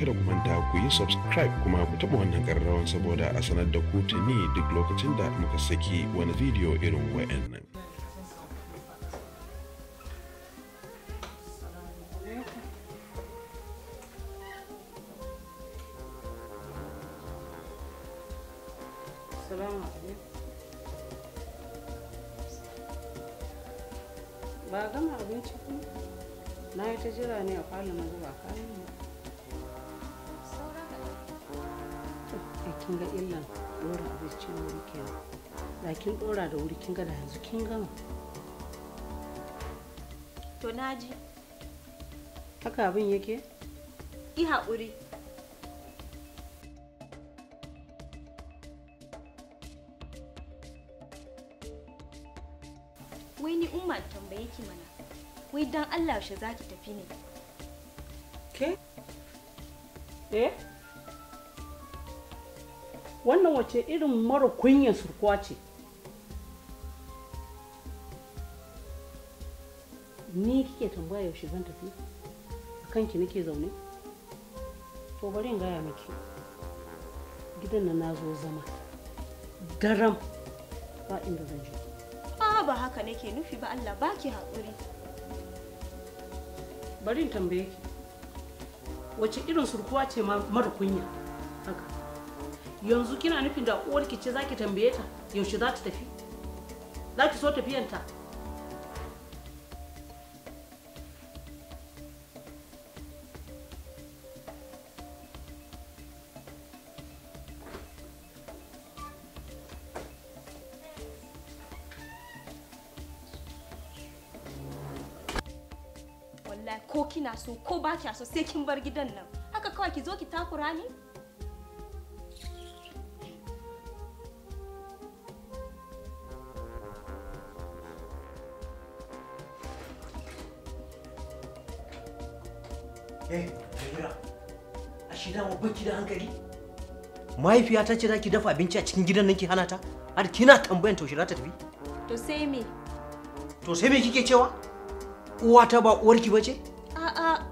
kada ku manta ku yi subscribe kuma ku taɓa wannan ƙararrawan saboda a sanar da ku tuni duk lokacin da muka saki wani bidiyo irin wa'annan. gama abinci kuma? Na yi ta jira ne a kwalin zuwa kayan kin ga illan dora a na wuri ke da kin ɗora da wuri kin ga da yanzu kin gama to naji haka abin yake yi haƙuri wai ni umma tambaye ki mana wai dan allah yaushe za ki tafi ne ke eh wannan wace irin mara kunyan surkuwa ce ni kike tambaya yaushe zan tafi a kanki nake zaune to bari in gaya miki gidan na zo zama daram ba inda zan je a ba haka nake nufi ba Allah baki haƙuri bari in tambaye ki wace irin surkuwa ce mara kunya yanzu kina nufin da uwarki ce zaki tambaye ta yaushe za ta tafi za so tafiyanta ko kina so ko ba kya so sai kin bar gidan nan haka kawai ki zo ki takura ni eh jamila a hankali mahaifiyata ce za ki dafa abinci a cikin gidan nan ki hana ta har kina tambayan taushe za ta tafi to sai me to sai me kike cewa uwata ba uwarki bace a'a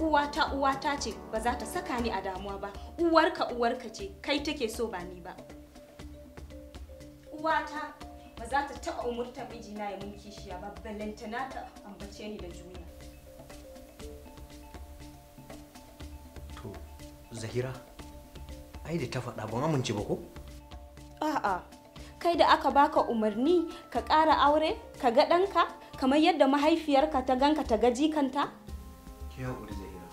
uwata uwata ce ba za ta saka ni a damuwa ba uwarka uwarka ce kai take so ba ni ba uwata ba za ta taɓa umurta mijina ya mun kishiya ba ballantana ta ambace ni da juna Zahira, ai da ta faɗa ban amince ba ko? A'a, kai da aka baka umarni ka ƙara aure, ka ga ɗanka, kamar yadda mahaifiyarka ta ganka ta gaji kanta? ke haƙuri Zahira.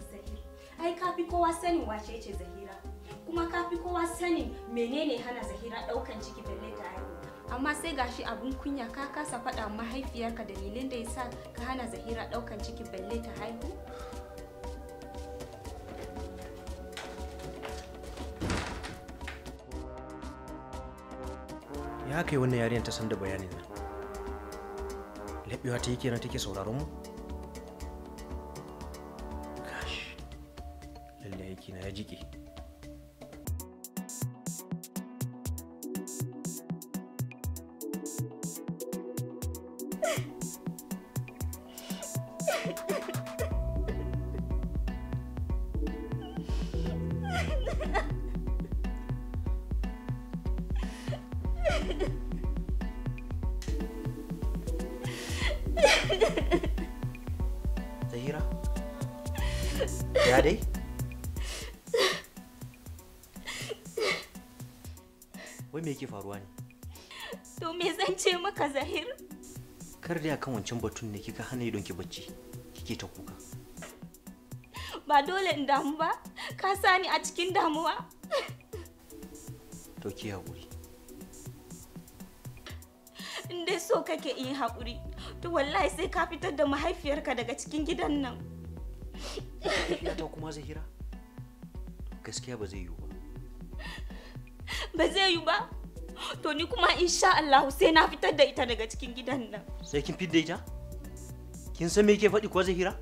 Zahira, ai ka fi kowa sanin wace ce Zahira, kuma ka fi kowa sanin menene hana Zahira ɗaukan ciki balle ta haihu. amma sai gashi abun kunya ka kasa faɗa mahaifiyarka dalilin da ya sa ka hana zahira ɗaukan ciki balle ta haihu ya kai wannan yarinyar ta san da bayanin nan laɓewa ta yi kenan take sauraron mu gashi lallai yake na ya jike Zahira? Ya dai? Wai me yake faruwa ne? To me zan ce maka Zahir? Kar da kan wancan batun ne kika hana idonki bacci. Kike ta kuka. Ba dole in damu ba. Ka sani a cikin damuwa. To ki hakuri. In dai so kake in hakuri? to wallahi sai ka fitar da mahaifiyarka daga cikin gidan nan ta kuma zahira gaskiya ba zai yiwu ba ba zai yiwu ba to ni kuma insha Allah sai na fitar da ita daga cikin gidan nan sai kin fidda ita kin san me yake faɗi ko zahira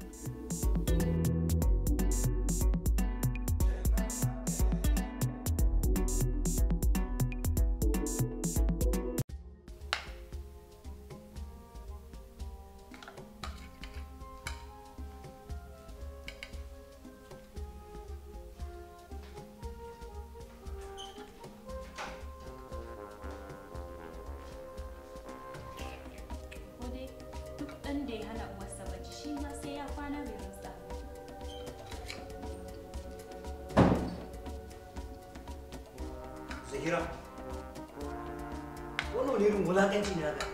wannan wani irin wulakanci ne haka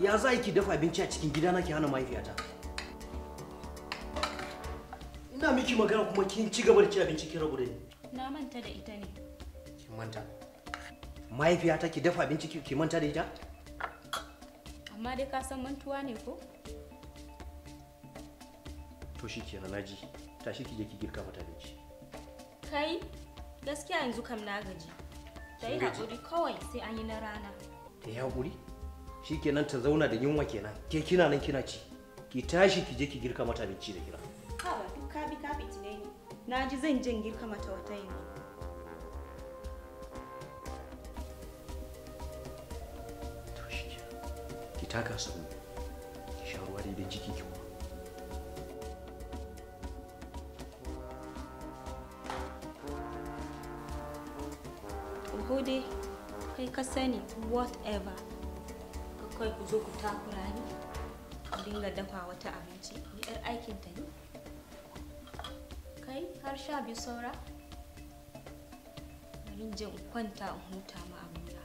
ya za ki dafa abinci a cikin gida na ki hana mahaifiyata ina miki magana kuma kin ci gaba da ci abinci kin rabu da ni na manta da ita ne ki manta mahaifiyata ki dafa abinci ki manta da ita amma dai ka san mantuwa ne ko to shi kenan naji tashi ki je ki girka mata abinci kai gaskiya yanzu kam na gaji da yi haƙuri kawai sai an yi na rana ta yi haƙuri shi kenan ta zauna da yunwa kenan ke kina nan kina ci ki tashi ki je ki girka mata abinci da kira ha ba duk ka bi ka bi tunani na ji zan jin girka mata wata yanzu ki taka su ki sha ruwa daidai ciki ki Hoodie. Ka ka sani whatever kai ku zo ku takura ni ku dinga dafa wata abinci ni yar aikin ta ne kai har sha biyu saura bari in kwanta in huta ma abuna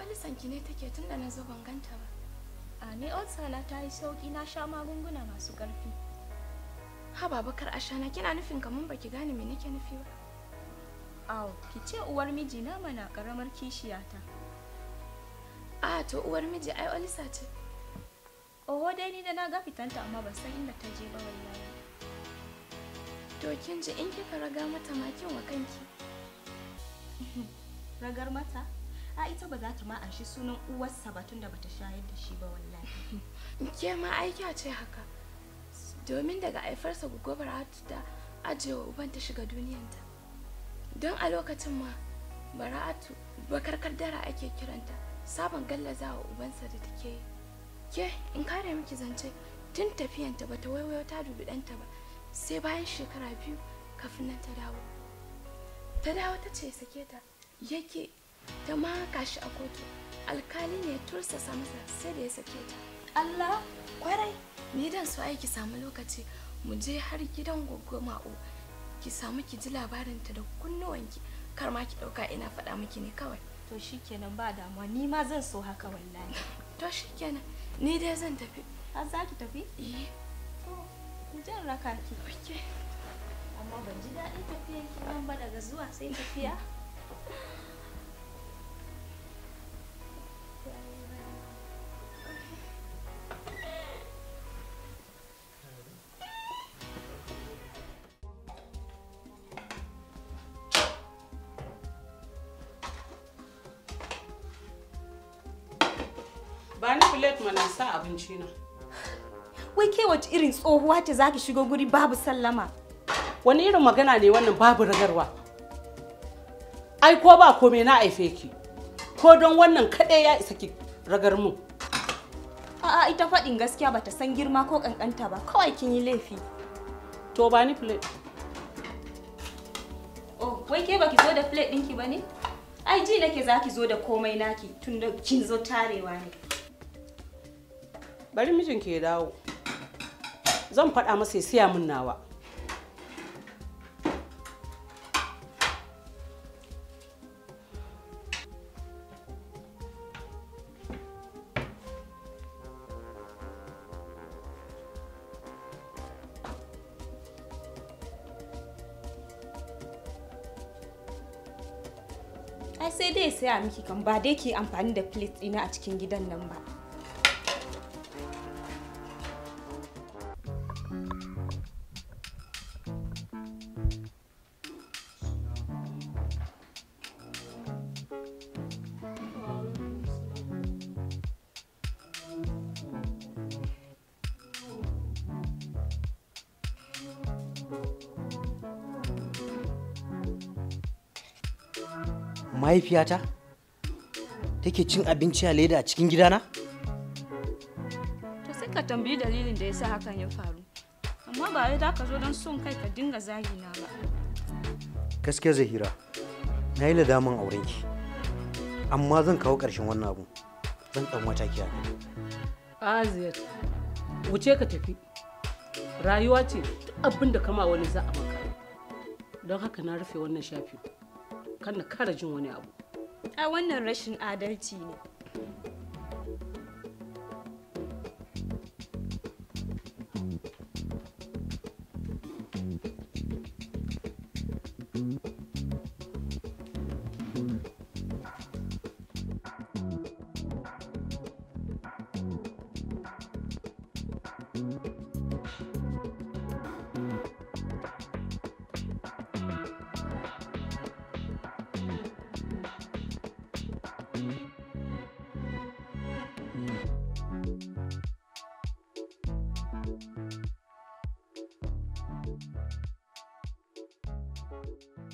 alisan ki ne take tun da na zo ban ganta ba a ne na ta yi sauki na sha magunguna masu ƙarfi ha kar sha na kina nufin kamar baki gane me nake nufi ba aw ki ce uwar miji na mana karamar kishiyata a to uwar miji ai olisa ce oho dai ni da na ga fitanta amma ban san inda ta je ba wallahi to kin ji in kika raga mata makin wa kanki ragar mata a ita ba za ta ma shi sunan uwarsa ba tunda bata shayar da shi ba wallahi ke ma kya ce haka domin daga aifarsa gugobar ta ajewa uban ta shiga duniyanta don a lokacin ma bara'atu bakarkar dara ake kiranta sabon gallazawa ubansa da take ke in kare miki zance tun tafiyanta bata waiwayo ta dubi ɗanta ba sai bayan shekara biyu kafin nan ta dawo ta dawo ta ce sake ta yake ta maka shi a kotu alkali ne tursasa masa sai da ya sake ta Allah kwarai ni dan su ai ki samu lokaci mu je har gidan goggo ma'o ki samu ki ji labarin ta da kunnuwanki kar ma ki dauka ina faɗa miki ne kawai to shikenan ba damuwa ni ma zan so haka wallahi to shikenan ni dai zan tafi har za ki tafi eh to jan raka ki okay. amma ban ji daɗin tafiyan ki nan ba daga zuwa sai tafiya Ba ni plate mana sa abinci na. Wai ke wace irin tsohuwa ce zaki shigo guri babu sallama? Wani irin magana ne wannan babu ragarwa? Ai ko ba komai na aife ki. Ko don wannan kaɗai ya isa ki ragar mu. A'a ita faɗin gaskiya bata san girma ko kankanta ba. Kawai kin yi laifi. To ba ni plate. Oh, wai ke baki zo da plate ɗinki ba ne? Ai ji nake zaki zo da komai naki tunda kin zo tarewa ne. bari mijin ke dawo zan faɗa masa ya siya min nawa ai sai dai saya miki kan ba dai ke amfani da plate ɗina a cikin gidan nan ba mahaifiyata take cin abinci a leda a cikin gidana? To sai ka tambayi dalilin da ya sa hakan ya faru. Amma ba wai za ka zo don son kai ka dinga na ba. Gaskiya Zahira, na yi ladamin aurenki. Amma zan kawo ƙarshen wannan abu. Zan ɗan wata a wuce ka tafi. rayuwa ce duk abin da kama wani za a maka don haka na rufe wannan shafi kan na kara jin wani abu a wannan rashin adalci ne Thank you.